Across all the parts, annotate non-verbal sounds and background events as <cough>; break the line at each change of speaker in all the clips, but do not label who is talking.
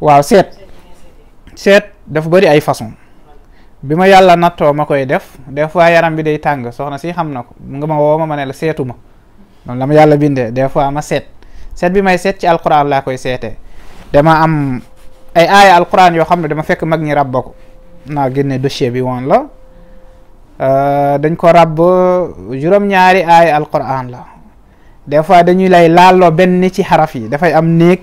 waaw seet seet dafa bëri ay façon bi ma yàlla nattoo ma koy def des fois yaram bi dey tàng soxna si xam na ko nga ma woo ma ma ne la seetu ma noonu la yàlla bindee des fois ma seet seet bi may seet ci alquran laa koy seetee dama am ay aaya alquran yoo xam ne dama fekk mag ñi rabba ko naa génne dossier bi woon la euh, dañ ko ràbb juróom-ñaari aaya alquran la des dañuy lay laaloo benn ci xaraf yi dafay am néeg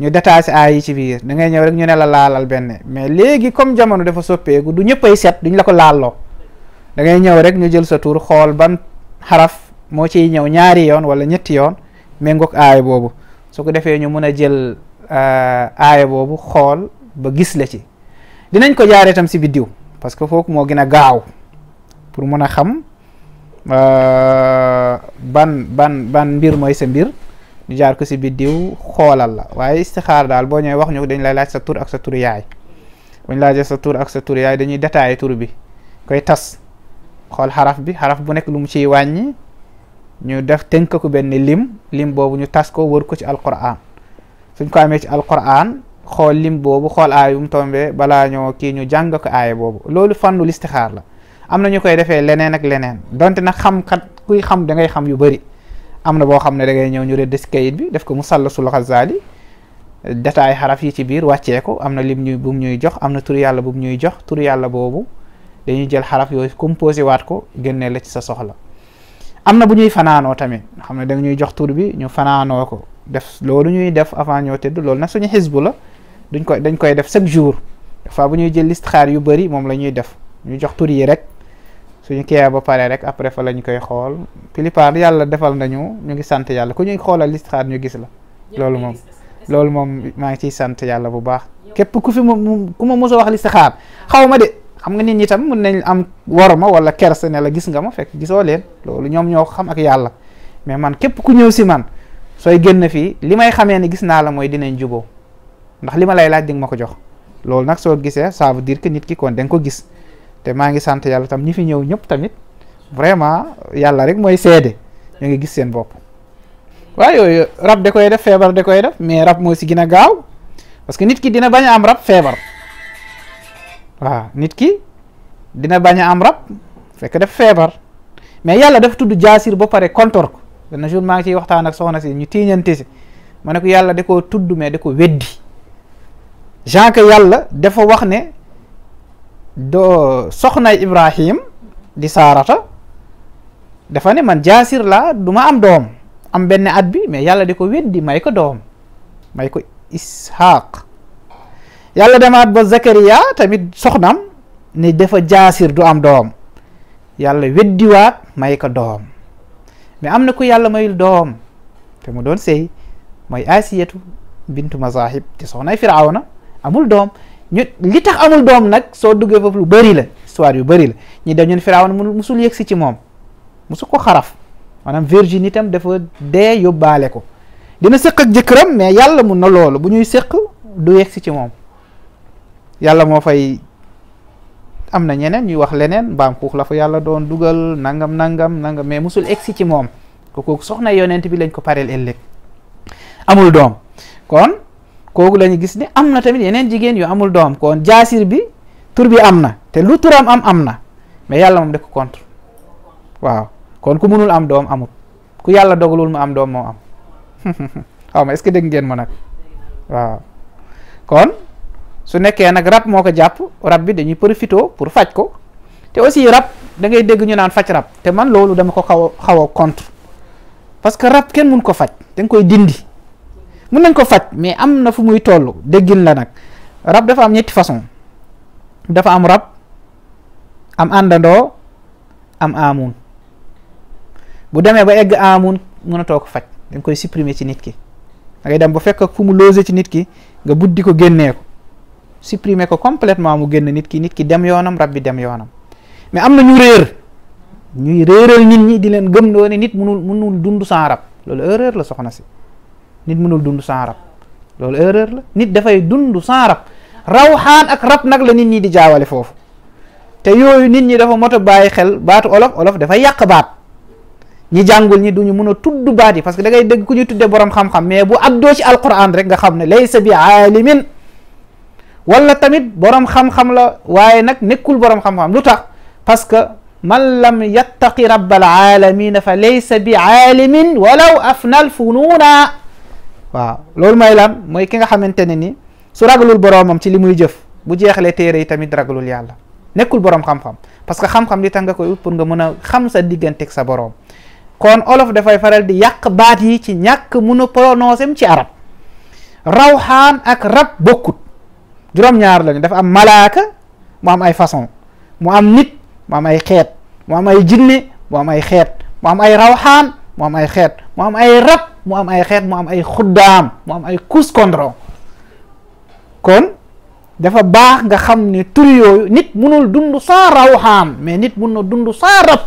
ñu détaché aay yi ci biir da ñëw rek ñu ne la laalal benn mais léegi comme jamono dafa soppeeku du ñëppay set duñ la ko laalloo da ngay ñëw rek ñu jël sa tur xool ban xaraf moo ciy ñëw ñaari yoon wala ñetti yoon méngoog aay boobu su ko defee ñu mun a jël euh, aay boobu xool ba gis la ci dinañ ko jaaree tam si biddiw parce que foofu moo gën a gaaw pour mun a xam euh, ban ban ban mbir mooy sa mbir ñu jaar ko si biddiw xoolal la waaye istixaar daal boo ñëwee wax ñu dañ lay laaj sa tur ak sa tur yaay bu sa tur ak sa tur dañuy détaillé tur bi koy tas xool xaraf bi xaraf bu nekk lu mu ciy wàññi ñu def tënk ko benn lim lim boobu ñu tas ko wër ko ci alquran suñ ko amee ci alquran xool lim boobu xool aay bu mu tombee balaa ñoo kii ñu jàng ko aay boobu loolu fànnu listixaar la am na ñu koy defee leneen ak leneen donte nag xam kat kuy xam da xam yu bëri am na boo xam ne da ngay ñëw ñu redis kayit bi def ko mu sàllasul xazaali détail xaraf yi ci biir wàcceeku ko am na lim ñuy bu ñuy jox am na tur yàlla bu ñuy jox tur yàlla boobu dañuy jël xaraf yooyu composé waat ko génnee la ci sa soxla am na bu ñuy fanaanoo tamit xam ne da ñuy jox tur bi ñu fanaanoo ko def loolu ñuy def avant ñoo tëdd loolu nag suñu xisbu la duñ koy dañ koy def chaque jour des fois bu ñuy jël listixaar yu bëri moom la ñuy def ñu jox tur yi rek suñu kiiyee ba pare rek après fa la ñu koy xool plupart yàlla defal nañu ñu ngi sant yàlla ku ñuy xoolal listixaar ñu gis la. loolu moom loolu moom maa ngi ciy sant yàlla bu baax. képp ku fi mu ku ma mos a wax listixaar xaw ma de xam nga nit ñi tam mën nañ am wor ma wala kersa ne la gis nga ma fekk gisoo leen loolu ñoom ñoo xam ak yàlla mais man képp ku ñëw si man sooy génn fii li may xamee ne gis naa la mooy dinañ juboo ndax li ma lay laaj di ma ko jox loolu nag soo gisee ça veut dire nit ki kon da nga ko gis. te maa ngi sant yàlla tam ñi fi ñëw ñëpp tamit vraiment yàlla rek mooy seede ñu ngi gis seen bopp waaw yooyu rab da koy def feebar da koy def mais rab moo si gën a gaaw parce que nit ki dina bañ am rab feebar waaw nit ki dina bañ a rab fekk def feebar mais yàlla def tudd jaasir ba pare kontor ko maa ngi ciy waxtaan ak soxna si ñu tiiñante si ne ko yàlla de koo tudd mais da ko weddi genre que yàlla dafa wax ne doo soxnay Ibrahim di saarata dafa ne man jaasir la du ma am doom am benn at bi mais yàlla di ko weddi may ko doom may ko Isxaaq yàlla demaat ba Zakariya tamit soxnam ni dafa jaasir du am doom yàlla weddiwaat may ko doom mais am na ku yàlla mayul doom te mu doon sey mooy Asiyatu bintu Mazahib te soxnay Firawna amul doom ñu li tax amul doom nag soo duggee foofu lu bëri la histoire yu bëri la ñi dem ñun Firawna musul yegg si ci moom musu ko xaraf maanaam virgin itam dafa dee yóbbaale ko dina sëq ak jëkkëram mais yàlla mun na loolu bu ñuy sëq du yegg si ci moom yàlla moo fay am na ñeneen ñuy wax leneen mbaam xuux la fa yàlla doon dugal nangam nangam nangam mais musul egg si ci moom ko kooku soxna yonent bi lañ ko pareel ëllëg amul doom kooku la ñu gis ni am na tamit yeneen jigéen yu amul doom koon jaasir bi tur bi am na te lu turam am am na mais yàlla moom da ko contre waaw kon ku mënul am doom amut ku yàlla dogalul mu am doom moo am <laughs> xaw ma est-ce que dégg ngeen ma nag waaw kon su nekkee nag rab moo ko jàpp rab bi dañuy profité pour faj ko te aussi rab da ngay dégg ñu naan faj rab te man loolu dama ko xaw a xaw a contre parce que rab kenn mun ko faj da nga koy dindi mën nañ ko faj mais am na fu muy toll déggin la nag rab dafa am ñetti façon dafa am rab am àndandoo am amun bu demee ba egg amun mënatoo ko faj dañ koy supprimer ci nit ki da ngay dem bu fekk fu mu logé ci nit ki nga buddi ko génnee ko supprimer ko complètement mu génn nit ki nit ki dem yoonam rab bi dem yoonam mais am na ñu réer ñuy réeral nit ñi di leen gëm loo nit munul munul dund sans rab loolu erreur la soxna si nit mënul dund sans rab loolu erreur la nit dafay dund sans rab rawxaan ak rab nag la nit ñi di jaawale foofu te yooyu nit ñi dafa mot a bàyyi xel baat olof olof dafay yàq baat ñi jàngul ñi duñu mën a tudd baat yi parce que da ngay dégg ku ñu tuddee borom xam-xam mais bu addoo ci alquran rek nga xam ne laysa bi aalimin wala tamit borom xam-xam la waaye nag nekkul borom xam-xam lu tax parce que man lam yattaqi rabbal aalamina fa laysa bi aalimin walaw afnal funuuna waaw loolu may lan mooy ki nga xamante ne ni su ragalul boroomam ci li muy jëf bu jeexalee téere yi tamit ragalul yàlla nekkul boroom xam-xam parce que xam-xam li tax nga koy pour nga mën a xam sa digganteeg sa boroom kon olof dafay faral di yàq baat yi ci ñàkk mun a prononcé ci arab rawxaan ak rab bokkut juróom-ñaar lañu dafa am malaaka mu am ay façon mu am nit mu am ay xeet mu am ay jinne mu am ay xeet mu am ay rawxaan mu am ay xeet mu am ay rab mu am ay xeet mu am ay xuddaam mu am ay kuskondron kon dafa baax nga xam ni tur yooyu nit munul dund sans rawxaan mais nit mun na dund sans rab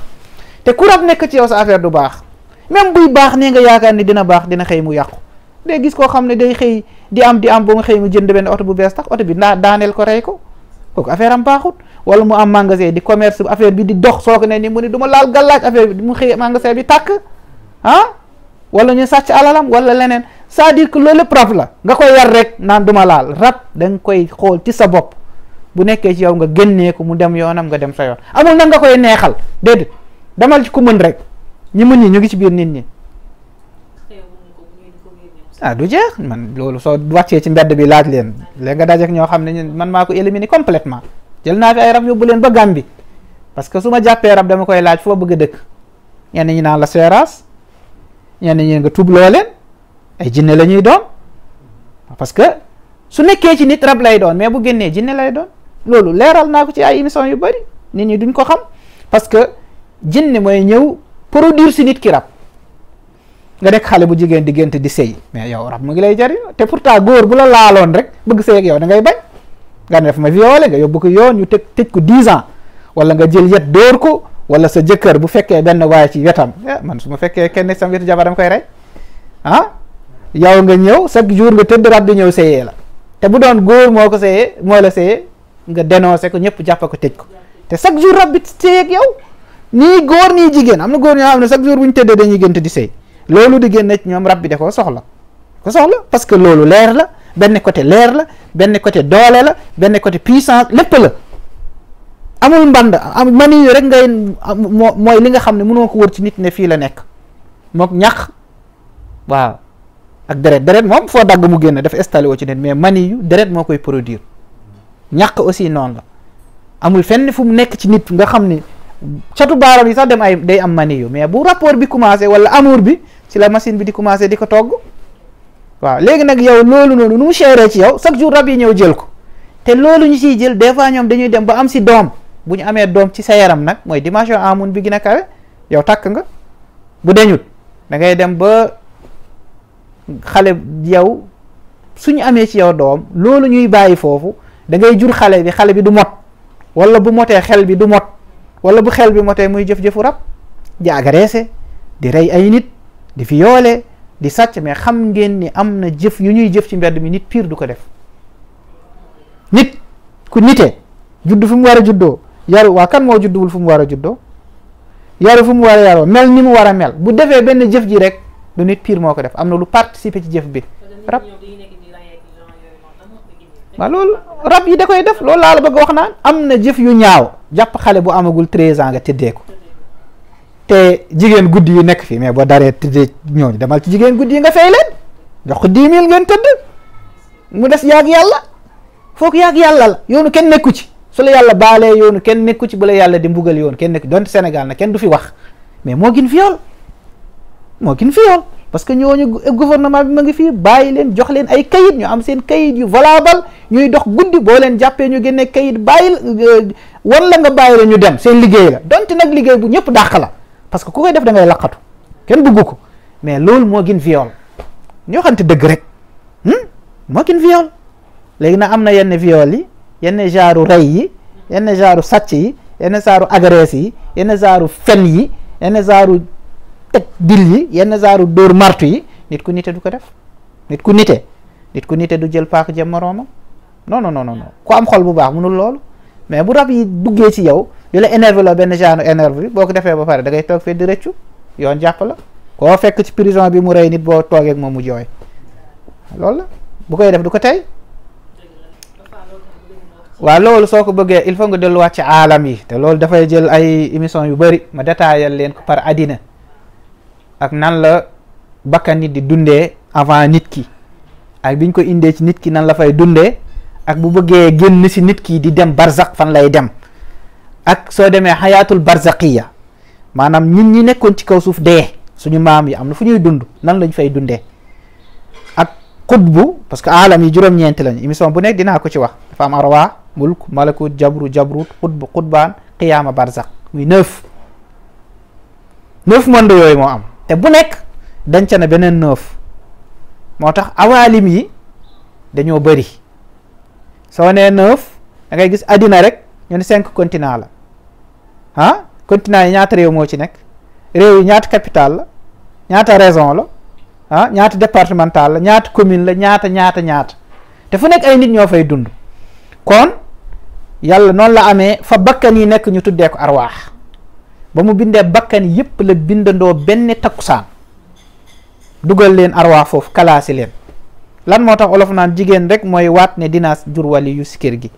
te ku rab nekk ci yow sa affaire du baax même buy baax nee nga yaakaar ni dina baax dina xëy mu yàqu day gis koo xam ne day xëy di am di am ba nga xëy mu jënd benn oto bu bees tax oto bi ndaa daaneel ko rey ko kooku affaire am baaxut wala mu am magasin di commerce affaire bi di dox soo ko ne ni mu ne du ma laal gàllaaj affaire bi mu xëy magasin bi tàkk ah wala ñu sàcc alalam walla leneen c'est-à-dire que loolu lépp la nga koy yar rek naan duma laal rab da koy xool ci sa bopp bu nekkee ci yow nga génnee mu dem yoonam nga dem sa yoon amul nag nga koy neexal déedéet demal ci ku mën rek ñi mën ñi ñu ngi ci biir nit ñi ah du jeex man loolu soo wàccee ci mbedd bi laaj leen léegi nga dajeek ñoo xam ne man maa ko éliminer complètement jël naa fi ay rab yóbbu leen ba Gàmbi parce que su ma jàppee rab dama koy laaj foo bëgg dëkk ñenn ñi naan la seeraas ñenn ñi nga tubloo leen ay jinne la ñuy doon parce que su nekkee ci nit rab lay doon mais bu génnee jinne lay doon loolu leeral naa ko ci ay émission yu bari nit ñi duñ ko xam parce que jinne mooy ñëw produire si nit ki rab nga nekk xale bu jigéen di gént di sëy mais yow rab mu ngi lay jariñoo te pourtant góor bu la laaloon rek bëgg sëy yow da ngay bañ nga ne def ma violé nga yóbbu ko yoon ñu tëj tëj ko 10 ans wala nga jël yet dóor ko wala sa jëkkër bu fekkee benn waaye ci wetam eh, man su ma fekkee kenn sam wetu jabaram koy rey ah yow nga ñëw chaque jour nga tëdd rab di ñëw séyee la te bu doon góor moo ko sayee moo la séyee nga dénoncé ko ñëpp jàpp ko tëj ko te chaque jour rabbi bi séyee yow nii góor nii jigéen am na góor ñoo xam ne chaque jour bu ñu tëddee dañuy gënt di séy loolu di génn ñoom rab bi da koo soxla ko soxla parce que loolu leer la benn côté leer la benn côté doole la benn côté puissance lépp la amul mband mani rek ngay moo mooy li nga xam ne mënoo ko wër ci nit ne fii la nekk mook ñax waaw ak deret deret moom foo dagg mu génn dafa installé woo ci nit mais mani yu deret moo koy produire ñàq aussi noonu amul fenn fu mu nekk ci nit nga xam ne catu baaram yi sax dem ay day am mani yu mais bu rapport bi commencé wala amour bi ci la machine bi di commencé di ko togg waaw léegi nag yow loolu noonu nu mu chéré ci yow chaque jour rab yi ñëw jël ko te loolu ñu ciy jël des fois ñoom dañuy dem ba am si doom bu ñu amee doom ci sa yaram nag mooy dimension amun bi gën a kawe yow takk nga bu deñut da ngay dem ba xale yow suñu amee ci yow doom loolu ñuy bàyyi foofu da ngay jur xale bi xale bi du mot wala bu motee xel bi du mot wala bu xel bi motee muy jëf-jëfu rab di agressé di rey ay nit di fi yoole di sàcc mais xam ngeen ni am na jëf yu ñuy jëf ci mbedd mi nit piir du ko def nit ku nite juddu fi mu war a juddoo yaru waa kan moo judduwul fu mu war a juddoo yaru fu mu war a yaroo mel ni mu war a mel bu defee benn jëf ji rek du nit pire moo ko def am na lu participer ci jëf bi rab waaw loolu rab yi da koy def loolu laa la bëgg wax naan am na jëf yu ñaaw jàpp xale bu amagul treize ans nga tëddee ko te jigéen guddi yu nekk fii mais boo daree tëddee ñooñu demal ci jigéen guddi yi nga fay leen jox ko dix ngeen tëdd mu des yàgg yàlla foog yàgg yàlla la yoonu kenn nekku ci su la yàlla baalee yoonu kenn nekku ci bu la yàlla di mbugal yoon kenn nekku donte Sénégal na kenn du fi wax mais moo gin viol moo gën viol parce que ñoo ñooñu gouvernement bi ma ngi fii bàyyi leen jox leen ay kayit ñu am seen kayit yu volaabal ñuy dox guddi boo leen jàppee ñu génne kayit bàyyi euh, wan la nga bàyyi la ñu dem seen liggéey la donte nag liggéey bu ñëpp dàq la parce que ku koy def da ngay laqatu kenn bëggu ko mais loolu moo gën viol ñoo xamante dëgg rek hmm? moo léegi nag am na yenn viol yi yenn genre rey yi yenn genre sàcc yi yenn genre agresse yi yenn genre fen yi yenn genre teg dil yi yenn genre dóor martu yi nit ku nite du ko def nit ku nite nit ku nite du jël paak jëm moroomam non non non non ku am xol bu baax mënul loolu mais bu rab yi duggee ci yow di la énervé loo benn genre énervé bi boo ko defee ba pare da ngay toog fii di rëccu yoon jàpp la koo fekk ci prison bi mu rey nit boo toogee ak moom mu jooy loolu la bu koy def du ko tey waa loolu soo ko bëggee il faut nga delluwaat ci aalam yi te loolu dafay jël ay émission yu bëri ma détaillal leen ko par addina ak nan la bakkan yi di dundee avant nit ki ak biñ ko indee ci nit ki nan la fay dundee ak bu bëggee génn si nit ki di dem barzak fan lay dem ak soo demee xayaatul barzakiya maanaam ñun ñi nekkoon ci kaw suuf dee suñu maam yi am na fu ñuy dund nan lañu fay dundee ak bu parce que aalam yi juróom-ñeenti lañ émission bu nekk dinaa ko ci wax dafa am mulk malakut jabru jabrut xutb xutbaan qiyaama barzak muy neuf neuf monde yooyu moo am te bu nekk denc na beneen neuf moo tax awaalim yi dañoo bëri soo nee neuf da ngay gis àddina rek ñu ne cinq continent la ah continent yi ñaata réew moo ci nekk réew yi ñaata capital la ñaata région la ah ñaata départemental la ñaata commune la ñaata ñaata ñaata te fu nekk ay nit ñoo fay dund kon yàlla noonu la amee fa bakkan yi nekk ñu tuddee ko arwaax ba mu bindee bakkan yépp la bindandoo benn takkusaan dugal leen arwaax foofu kalaasi leen lan moo tax olof naan jigéen rek mooy waat ne dinaa jur yu si gi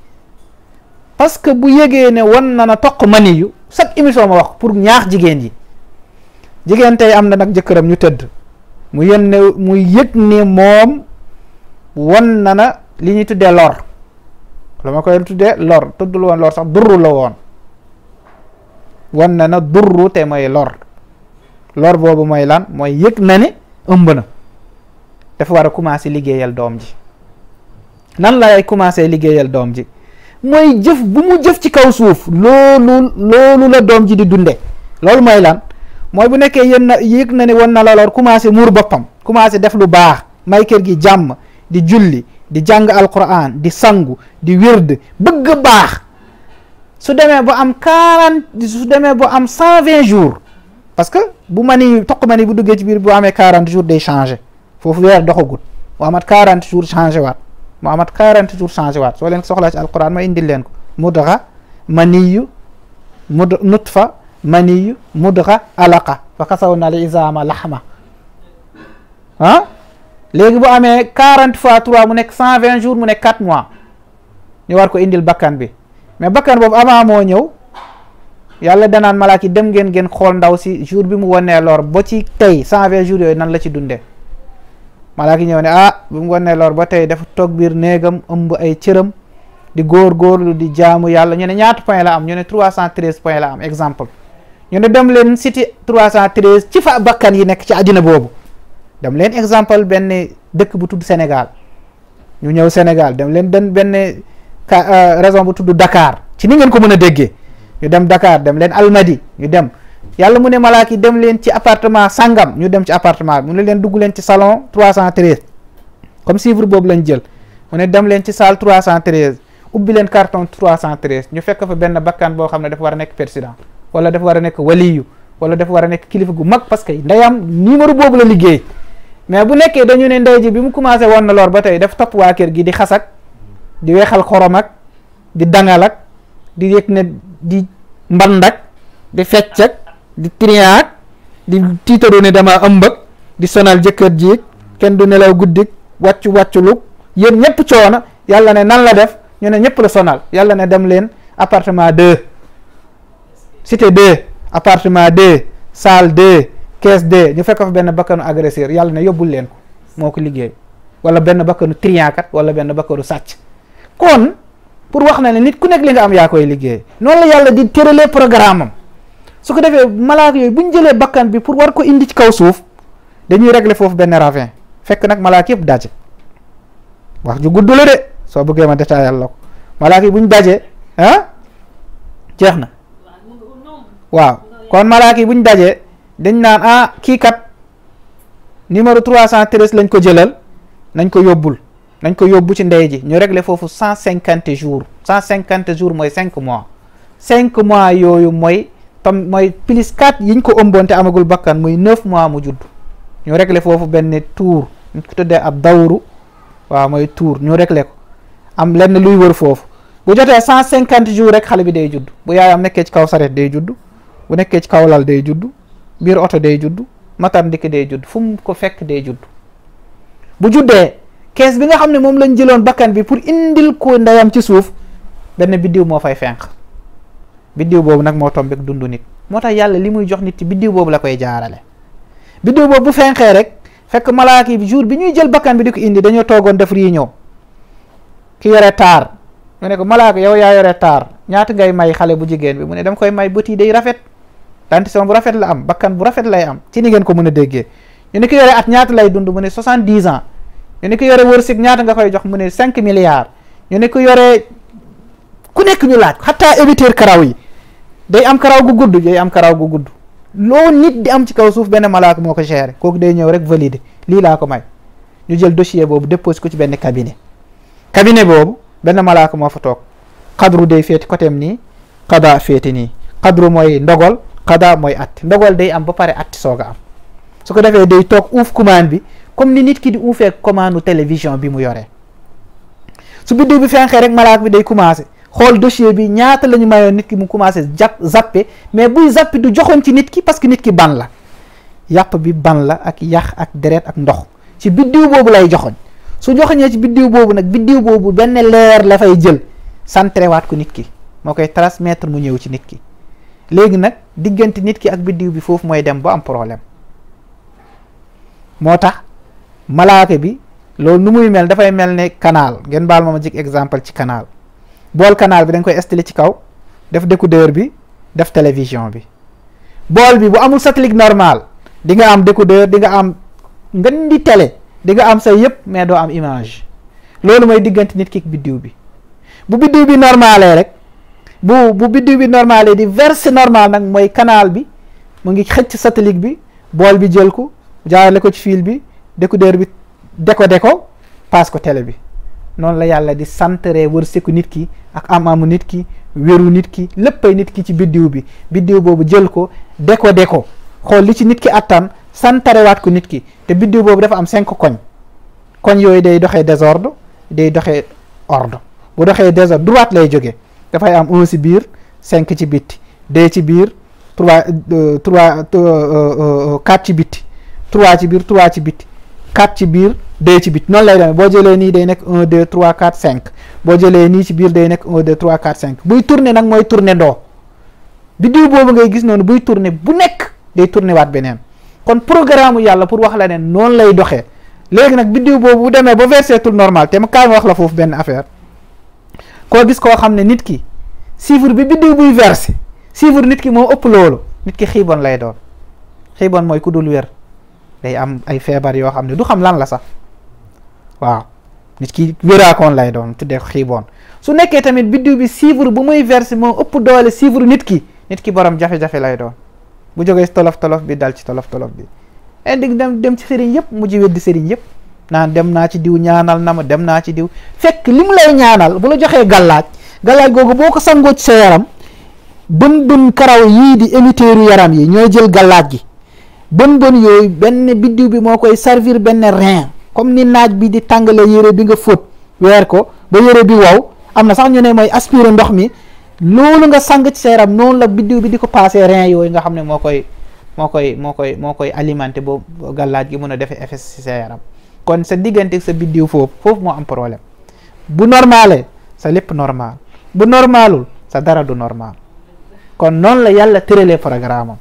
parce que bu yégee ne won na na toq mani yu chaque émission ma wax pour ñaax jigéen yi jigéen tey am na nag jëkkëram ñu tëdd mu yën ne mu yëg ne moom won na na li ñuy tuddee lor la ma koy tuddee lor tuddul woon lor sax durru la woon wan na na durru te mooy lor lor boobu mooy lan mooy yëg na ni ëmb na dafa war a commencer liggéeyal doom ji nan lay commencer liggéeyal doom ji mooy jëf bu mu jëf ci kaw suuf loolu loolu la doom ji di dunde loolu mooy lan mooy bu nekkee yéen na yëg na ne wan na la lor commencer muur boppam commencer def lu baax may kër gi jàmm di julli di jàng alquran di sangu di wird bëgg baax su demee ba am quarante su demee ba am cent vingt jours parce que bu mani toq mani bu duggee ci biir bu amee quarante jours day changé foofu doxagut mu amat quarante jours changé waat mu amat quarante jours changé waat soo leen soxlaa ci alquran ma indil leen ko mudxa maniyu mud nutfa maniyu mudxa alaqa fa kasaw na li isaama léegi bu amee quarante fois trois mu ne cent vingt jours mu nekk quatre mois ñu war ko indil bakkan bi mais bakkan boobu avant moo ñëw yàlla danaan malaak yi dem ngeen ngeen xool ndaw si jour bi mu wonee lor ba ci tey cent vingt jours yooyu nan la ci dundee malaak yi ñëw ne ah bi mu wonee lor ba tey dafa toog biir néegam ëmb ay cëram di góorgóorlu di jaamu yàlla ñu ne ñaata point la am ñu ne trois cent treize point la am exemple ñu ne dem leen cité trois cent treize ci fa bakkan yi nekk ci àddina boobu dem leen exemple benn dëkk bu tudd Sénégal ñu ñëw Sénégal dem leen den benn ka euh, raison bu tudd Dakar ci ni ngeen ko mën a déggee ñu dem Dakar dem leen Almadi ñu dem yàlla mu ne malaaki dem leen ci appartement sangam ñu dem ci apartement bi ne leen dugg leen ci salon 313 comme chiffre boobu lañ jël mu ne dem leen ci salle 313 ubbi leen carton 313 ñu fekk fa benn bakkan boo xam ne dafa war a nekk président wala dafa war a nekk wala dafa war a nekk kilifa gu mag parce que ndeyam numéro boobu la liggéey. mais bu nekkee dañu ne ndey ji bi mu commencé woon na lor ba tey def topp waa kër gi di xasak di weexal xorom ak di dangal di yëg ne di mbandak di fecc ak di triyaak di tiitaroo ne dama ëmb ak di sonal jëkkër ji kenn du nelaw guddik wàccu wàccu lu yéen ñëpp coona yàlla ne nan la def ñu ne ñëpp la sonal yàlla ne dem leen appartement deux cité deux appartement de salle de kees de ñu fekk fa benn bakkanu agresseur yàlla ne yóbbul leen ko moo ko liggéey wala benn bakkanu triankat wala benn bakkanu sàcc kon pour wax na ne nit ku nekk li nga am yaa koy liggéey noonu la yàlla di tëralee programme am su ko defee malaaka yooyu bu ñu jëlee bakkan bi pour war ko indi ci kaw suuf dañuy régler foofu benn ravin fekk nag malaaka yëpp daje wax ju gudd la de soo bëggee ma détaillal la ko malaak yi bu ñu dajee ah jeex na waaw kon dañ naan ah kii kat numéro cent 313 lañ ko jëlal nañ ko yóbbul nañ ko yóbbu ci ndey ji ñu régler foofu cent cinquante jours cent cinquante jours mooy cinq mois cinq mois yooyu mooy tam mooy plus quatre yiñ ko ëmboon amagul bakkan muy neuf mois mu judd ñu régler foofu benn tour ñu ko ab dawru waaw mooy tour ñu régler ko am lenn luy wër foofu bu jotee cent cinquante jours rek xale bi day judd bu yaayam nekkee ci kaw saret day judd bu nekkee ci kaw lal day juddu biir oto day judd matar ndikk day judd fu mu ko fekk day judd bu juddee kees bi nga xam ne moom lañ jëloon bakkan bi pour indil ko ndeyam ci suuf benn biddiw moo fay fenq biddiw boobu nag moo tombek dundu nit moo tax yàlla li muy jox nit ci biddiw boobu la koy jaarale biddiw boobu bu fenqee rek fekk malaaka yi jour bi ñuy jël bakkan bi di ko indi dañoo toogoon def réunion ki yore taar ñu ne ko malaaka yow yaa yore taar ñaata ngay may xale bu jigéen bi mu ne dama koy may bët day rafet dentition bu rafet la am bakkan bu rafet lay am ci ni ko mën a déggee ñu ni ki yore at ñaata lay dund mu ne soixante dix ans ñu ni yore wërsëg ñaata nga koy jox mu ne cinq milliards ñu ni ko yore ku nekk ñu laaj xataa éviteur karaw yi day am karaw gu gudd day am karaw gu gudd loo nit di am ci kaw suuf benn malaaka moo ko géré kooku day ñëw rek validé lii laa ko may ñu jël docier boobu déposé ko ci benn cabinet cabinet boobu benn malaaka moo fa toog xadru day féeti côté am nii xada féeti nii xadru mooy ndogal xadaa mooy atte ndogal day am ba pare atte soog a am su ko defee day toog uuf commande bi comme ni nit ki di uufee commande télévision bi mu yoree su biddiw bi fenxee rek malaak bi day commencé xool dossier bi ñaata la ñu mayoon nit ki mu commencé jàpp zappe mais buy zappe du joxoon ci nit ki parce que nit ki ban la yàpp bi ban la ak yax ak deret ak ndox ci biddiw boobu lay joxoñ su joxoñee ci biddiw boobu nag biddiw boobu benn leer la fay jël santrewaat ko nit ki moo koy transmettre mu ñëw ci nit ki léegi nag diggante nit ki ak biddiw bi foofu mooy dem ba am problème moo tax malaaka bi loolu nu muy mel dafay mel ne canal ngeen baal ma ma jik exemple ci canal bool canal bi dañ koy installé ci kaw def décodeur bi def télévision bi bool bi bu amul satellite normal di nga am décodeur di nga am nga di télé di nga am say yëpp mais doo am image loolu mooy diggante nit ki biddiw bi bu biddiw bi normalee rek bu bu biddiw bi normal di verse normal nag mooy canal bi mu ngi xëcc satellite bi bool bi jël ko jaarale ko ci fil bi décodeur bi décodé ko paas ko télé bi noonu la yàlla di santre wërsëgu nit ki ak am-amu nit ki wéru nit ki léppay nit ki ci biddiw bi biddiw boobu jël ko décodé ko xool li ci nit ki attan santarewaat ko nit ki te biddiw boobu dafa am cinq koñ koñ yooyu day doxee désordre day doxe ordre bu doxee désordre droite lay jóge dafay am un ci biir cinq ci bitti deux ci biir trois euh, trois euh, euh, quatre ci bitti trois ci biir trois ci bitti quatre ci biir deux ci bitti noonu lay demee boo jëlee nii day nekk un deux trois quatre cinq boo jëlee nii ci biir day nekk un deux trois quatre cinq buy tourner nag mooy tourner ndoo biddiw boobu ngay gis noonu buy tourne bu nekk day tourner waat beneen kon programme yàlla pour wax la ne noonu lay doxee léegi nag biddiw boobu bu demee ba versetul normal te ma kaay ma wax la foofu benn affaire. koo gis koo xam ne nit ki chiffre bi biddiw buy versé chiffre nit ki moo ëpp loolu nit ki xiiboon lay doon xiibon mooy ku dul wér day am ay feebar yoo xam ne du xam lan la sax waaw nit ki wéraakoon lay doon tuddee ko xiiboon su nekkee tamit biddiw bi chiffre bu muy versé moo ëpp doole chiffre nit ki nit ki borom jafe-jafe lay doon bu jógee tolof tolof bi dal ci tolof tolof bi indi dem dem ci sëriñ yëpp mujj weddi sëriñ yëpp naan dem naa ci diw ñaanal na ma dem naa ci diw fekk li mu lay ñaanal bu la joxee gàllaaj gàllaaj googu boo ko sangoo ci sa yaram bën bën karaw yii di émitéeru yaram yi ñooy jël gàllaaj gi bën bën yooyu benn biddiw bi moo koy servir benn rein comme ni naaj bi di tàngale yére bi nga fóot weer ko ba yére bi wow am na sax ñu ne mooy aspiré ndox mi loolu nga sang ci sa yaram noonu la biddiw bi di ko passé rein yooyu nga xam ne moo koy moo koy moo koy moo koy alimenté boobu gàllaaj gi mën a defee effet ci sa yaram kon sa diggante sa biddiw foofu foofu moo am problème bu normale sa lépp normal bu normalul sa dara du normal kon noonu la yàlla tëralee programme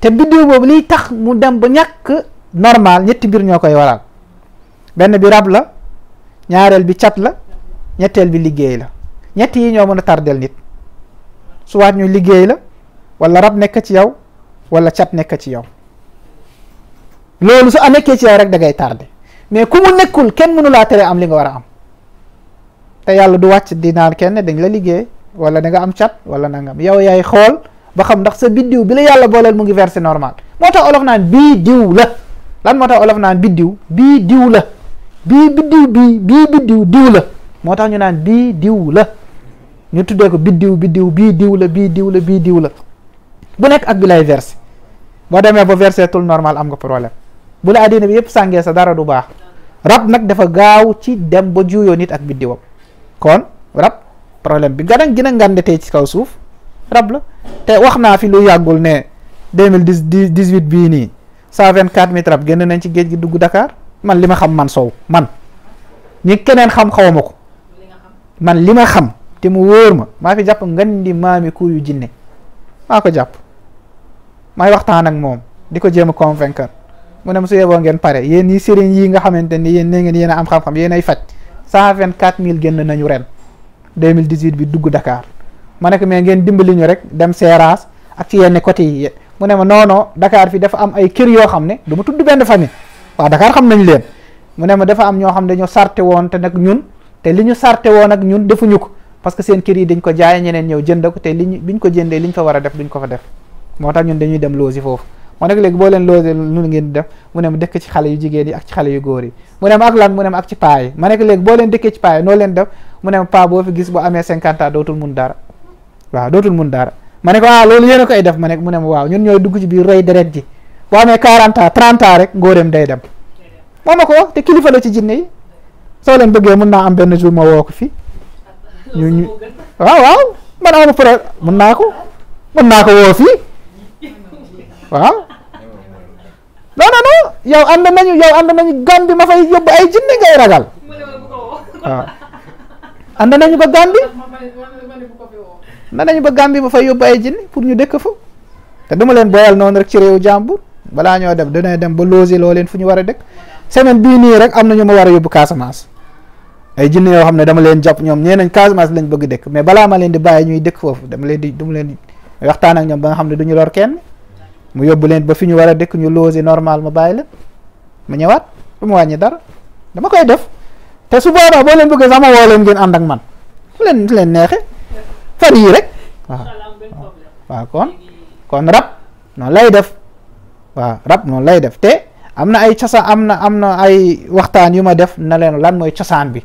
te biddiw boobu liy tax mu dem ba ñàkk normal ñetti mbir ñoo koy waral benn bi rab la ñaareel bi cat la ñetteel bi liggéey la ñett yi ñoo mën a tardel nit suwaat ñu liggéey la wala rab nekk ci yow wala cat nekk ci yow loolu su nekkee ci yow rek da ngay mais ku mu nekkul kenn mënu laa tere am li nga war a am te yàlla du wàcc di naan kenn dañ la liggéey wala da nga am cat wala nangam yow yaay xool ba xam ndax sa biddiw bi la yàlla booleel mu ngi versé normal moo tax olof naan bii diw la lan moo tax olof naan bii diw la bii biddiw bii bii biddiw diw la moo tax ñu naan bii diw la ñu tuddee ko biddiw biddiw bii diw bii diw bii diw la bu nekk ak bi lay versé boo demee ba versé tul normal am nga problème bu la àddina bi yëpp sàngee sa dara du baax rab nag dafa gaaw ci dem ba juyoo nit ak biddiwam kon rab problème bi gën a gën a ngànde tey ci kaw suuf rab la te wax naa fi lu yàggul ne deux mille dix huit bii nii cent vingt quatre mille rab génn nañ ci géej gi dugg dakaar man li ma xam man sow man ñi keneen xam xawma ko man li ma xam te mu wóor ma maa fi jàpp nga di maami kuuyu jinne maa ko jàpp maay waxtaan ak moom di ko jéem a mu ne ma su yeboo ngeen pare yéen ñi sëriñ yi nga xamante ni yéen nee ngeen yéen am xam-xam yéen ay faj cent vingt quatre mille génn nañu ren deux mille dix huit bi dugg Dakar ma ne ko mais ngeen dimbali ñu rek dem Seras ak ci yenn côté yi mu ne ma non non Dakar fi dafa am ay kër yoo xam ne du ma tudd benn famille waaw Dakar xam nañ leen mu ne ma dafa am ñoo xam ne dañoo sarte woon te nag ñun te li ñu sarte woon ak ñun defuñu ko parce que seen kër yi dañ ko jaay ñeneen ñëw jënd ko li ñu biñ ko jëndee liñ fa war a def duñ ko fa def moo tax ñun dañuy dem loosi foofu. moo nekk léegi boo leen loosee lu ngeen def mu ne ma dëkk ci yu jigéen ak ci xale yu góor mu ne ma ak lan mu ne ma ak ci paa yi ma nekk léegi boo leen dëkkee ci paa def mu ne ma paa boo fi gis boo amee cinquante dootul mun dara ma ne ko waaw ah loolu yéen a koy def ma ne mu waaw ñun ñooy dugg ci biir rey deret ji boo amee quarante ans rek ngóoreem day naa am benn jour ma woo ko waaw waaw man amu peut-être mun naa ko mun naa waaw ah? non non non yow ànd nañu yow ànd nañu Gàmbi ma fay yóbbu ay jinne ngay ragal waaw <laughs> ànd nañu ba Gàmbi ànd nañu ba ma fay yóbbu ay jinne pour ñu dëkk fa te duma leen boyal noonu rek ci réew jàmbur balaa ñoo dem dina dem ba loger loo fu ñu war a dëkk semaine bii nii rek am na ñu ma war a yóbbu Casamance ay jinne yoo xam ne dama leen jàpp ñoom ñee nañ Casamance lañ bëgg dëkk mais balaa ma leen di bàyyi ñuy dëkk foofu dama leen di duma leen waxtaan ak ñoom ba nga xam ne du ñu lor mu yóbbu leen ba fi ñu war a dëkk ñu loosi normal mu bàyyi la ma ñëwaat du ma wàññi dara dama koy def te su boobaa boo leen bëggee sama woo leen ngeen ànd ak man fu leen fu leen neexee fan yii rek waaw waaw kon kon rab noonu lay def waaw rab noonu lay def te am na ay cosaan am na am na ay waxtaan yu ma def na leen lan mooy cosaan bi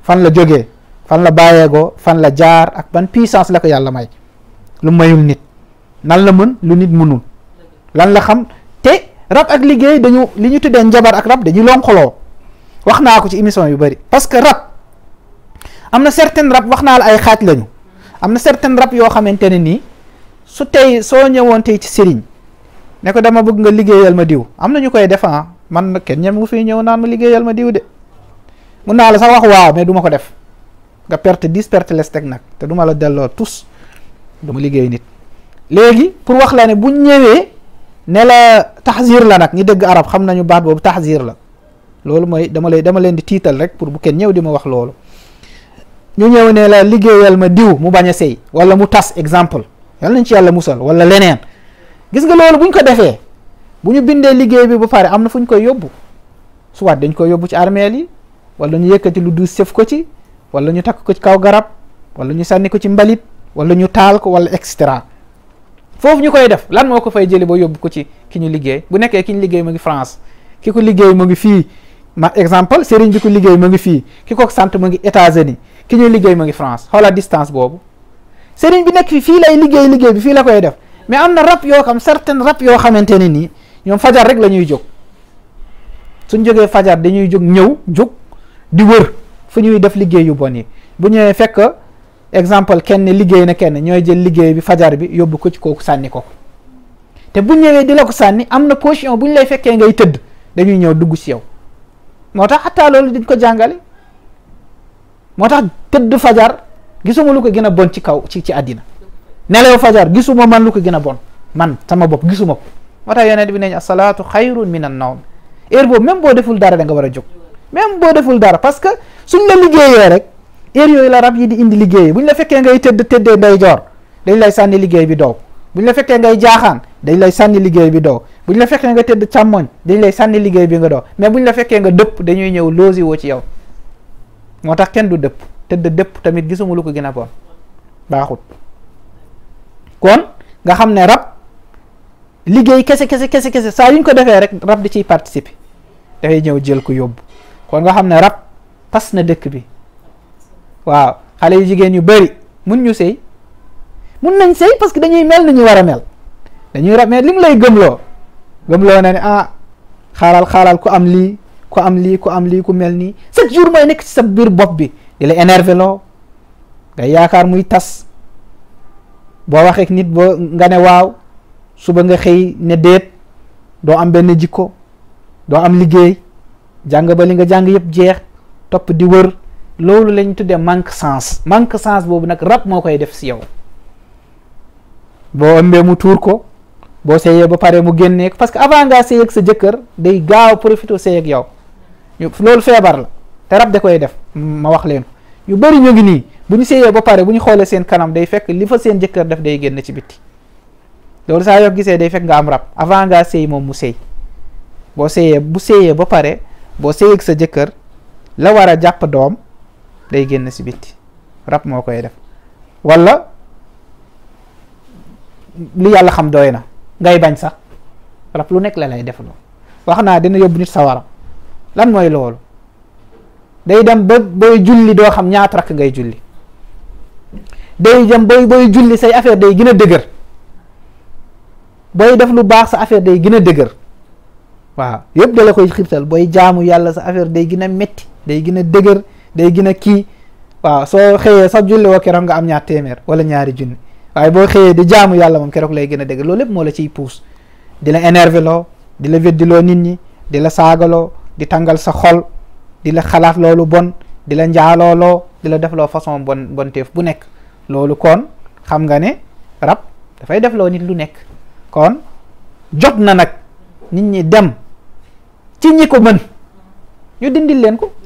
fan la jógee fan la bàyyeekoo fan la jaar ak ban puissance la ko yàlla may lu mayul nit nan la mën lu nit mënul lan la xam te rab ak liggéey dañu li ñu tuddee njabar ak rab dañuy lonkoloo wax naa ko ci émission yu bëri parce que rab am na certaine rab wax naa la ay xaaj lañu am na certaine rab yoo xamante ne nii su tey soo ñëwoon tey ci sëriñ ne ko dama bëgg nga liggéeyal ma diw am na ñu koy defan ah, man na kenn ñem gu fi ñëw naan ma liggéeyal ma diw de mun naa la sax wax waaw mais du ma ko def nga perte dix perte nag te duma la delloo tous du liggéey nit léegi ne la taxzir la nag ñi dëgg arab xam nañu baat boobu taxzir la loolu mooy dama lay dama leen di tiital rek pour bu kenn ñëw di ma wax loolu ñu ñëw ne la liggéeyal ma diw mu bañ a sëy wala mu tas exemple yal nañ ci yàlla musal wala leneen gis nga loolu bu ñu ko defee bu ñu bindee liggéey bi ba pare am na fu ñu koy yóbbu soit dañ koy yóbbu ci armeel yi wala ñu yëkkati lu duus sëf ko ci wala ñu takk ko ci kaw garab wala ñu sànni ko ci mbalit wala ñu taal ko wala et cetera foofu ñu koy def lan moo ko fay jëli ba yóbbu ko ci ki ñu liggéey bu nekkee ki ñu liggéey mu ngi France ki ko liggéey mu ngi fii ma Serigne bi ko liggéey mu ngi fii ki ko sant mu ngi États-Unis ki ñu liggéey mu ngi France xoolal distance boobu seriñ bi nekk fi fii lay liggéey liggéey bi fii la koy def mais am na rab yoo xam certaines rab yoo xamante ne nii ñoom fajar rek la ñuy jóg su jógee fajar dañuy jóg ñëw jóg di wër fu ñuy def liggéey yu bon yi bu ñëwee fekk. exemple kenn liggéey na kenn ñooy jël liggéey bi fajar bi yóbbu ko ci kooku sànni ko te bu ñëwee di la ko sànni am na position bu ñu lay fekkee ngay tëdd dañuy ñëw dugg si yow moo tax xataa loolu diñ ko jàngale moo tax tëdd fajar gisuma lu ko gën a bon ci kaw ci ci àddina nelew fajar gisuma man lu ko gën a bon man sama bopp gisuma ko moo tax yonent bi nañ asalaatu xayrun min an nawm heure boobu même boo deful dara da nga war a jóg même boo deful dara parce que suñ la liggéeyee rek heure yooyu la rab yi di indi liggéey bu ñu la fekkee ngay tëdd tëddee ndeyjoor dañ lay sànni liggéey bi dow bu ñu la fekkee ngay jaaxaan dañ lay sànni liggéey bi dow bu ñu la fekkee nga tëdd càmmoñ dañ lay sànni liggéey bi nga dow mais bu ñu la fekkee nga dëpp dañuy ñëw loosi woo ci yow moo tax kenn du dëpp tëdd dëpp tamit gisuma lu ko gën a bon baaxut kon nga xam ne rab liggéey kese kese kese kese saa yuñ ko defee rek rab di ciy participer dafay ñëw jël ko yóbbu kon nga xam ne rab tas na dëkk bi waaw xale yu jigéen yu bari mun ñu sëy mun nañ sëy parce que dañuy mel ni ñu war a mel dañuy rab mais li mu lay gëmloo gëmloo na ne ah xaaral xaaral ku am lii ku am lii ku am lii ku mel nii chaque jour mooy nekk ci sa biir bopp bi di la énervé loo ngay yaakaar muy tas boo waxee nit boo nga ne waaw suba nga xëy ne déet doo am benn jikko doo am liggéey jàng ba li nga jàng yëpp jeex topp di wër loolu lañ tuddee manque sens manque sens boobu nag rab moo koy def si yow boo ëmbee mu tuur ko boo seeyee ba pare mu génneek parce que avant ngaa seey ak sa jëkkër day gaaw profité seey ak yow loolu feebar la te rab da koy def ma wax leen yu bëri ñu ngi nii bu ñu seeyee ba pare bu ñu xoolee seen kanam day fekk li fa seen jëkkër def day génn ci bitti loolu saa yoo gisee day fekk nga am rab avant ngaa seey moom mu seey boo seeyee bu seeyee ba pare boo seey sa jëkkër la war a jàpp doom day génn si bitti rab moo koy def wala lu yàlla xam doy na ngay bañ sax rab lu nekk la lay def loolu wax naa dina yóbbu nit sawara lan mooy loolu day dem ba booy julli doo xam ñaata rakk ngay julli day dem booy booy julli say affaire day gën a dëgër booy def lu baax sa affaire day gën a dëgër waaw yëpp da la koy xirtal booy jaamu yàlla sa affaire day gën a metti day gën a dëgër day gën a kii waaw soo xëyee sa julli woo keroog nga am ñaar téeméer wala ñaari junni waaye boo xëyee di jaamu yàlla moom keroog lay gën a dëgg loolu lépp moo la ciy puus di la énervé loo di la weddiloo nit ñi di la saagaloo di tàngal sa xol di la xalaat loolu bon di la njaalooloo di la defloo façon bon bon teef bu nekk loolu kon xam nga ne rab dafay def defloo nit lu nekk kon jot na nag nit ñi dem ci ñi ko mën ñu dindil leen ko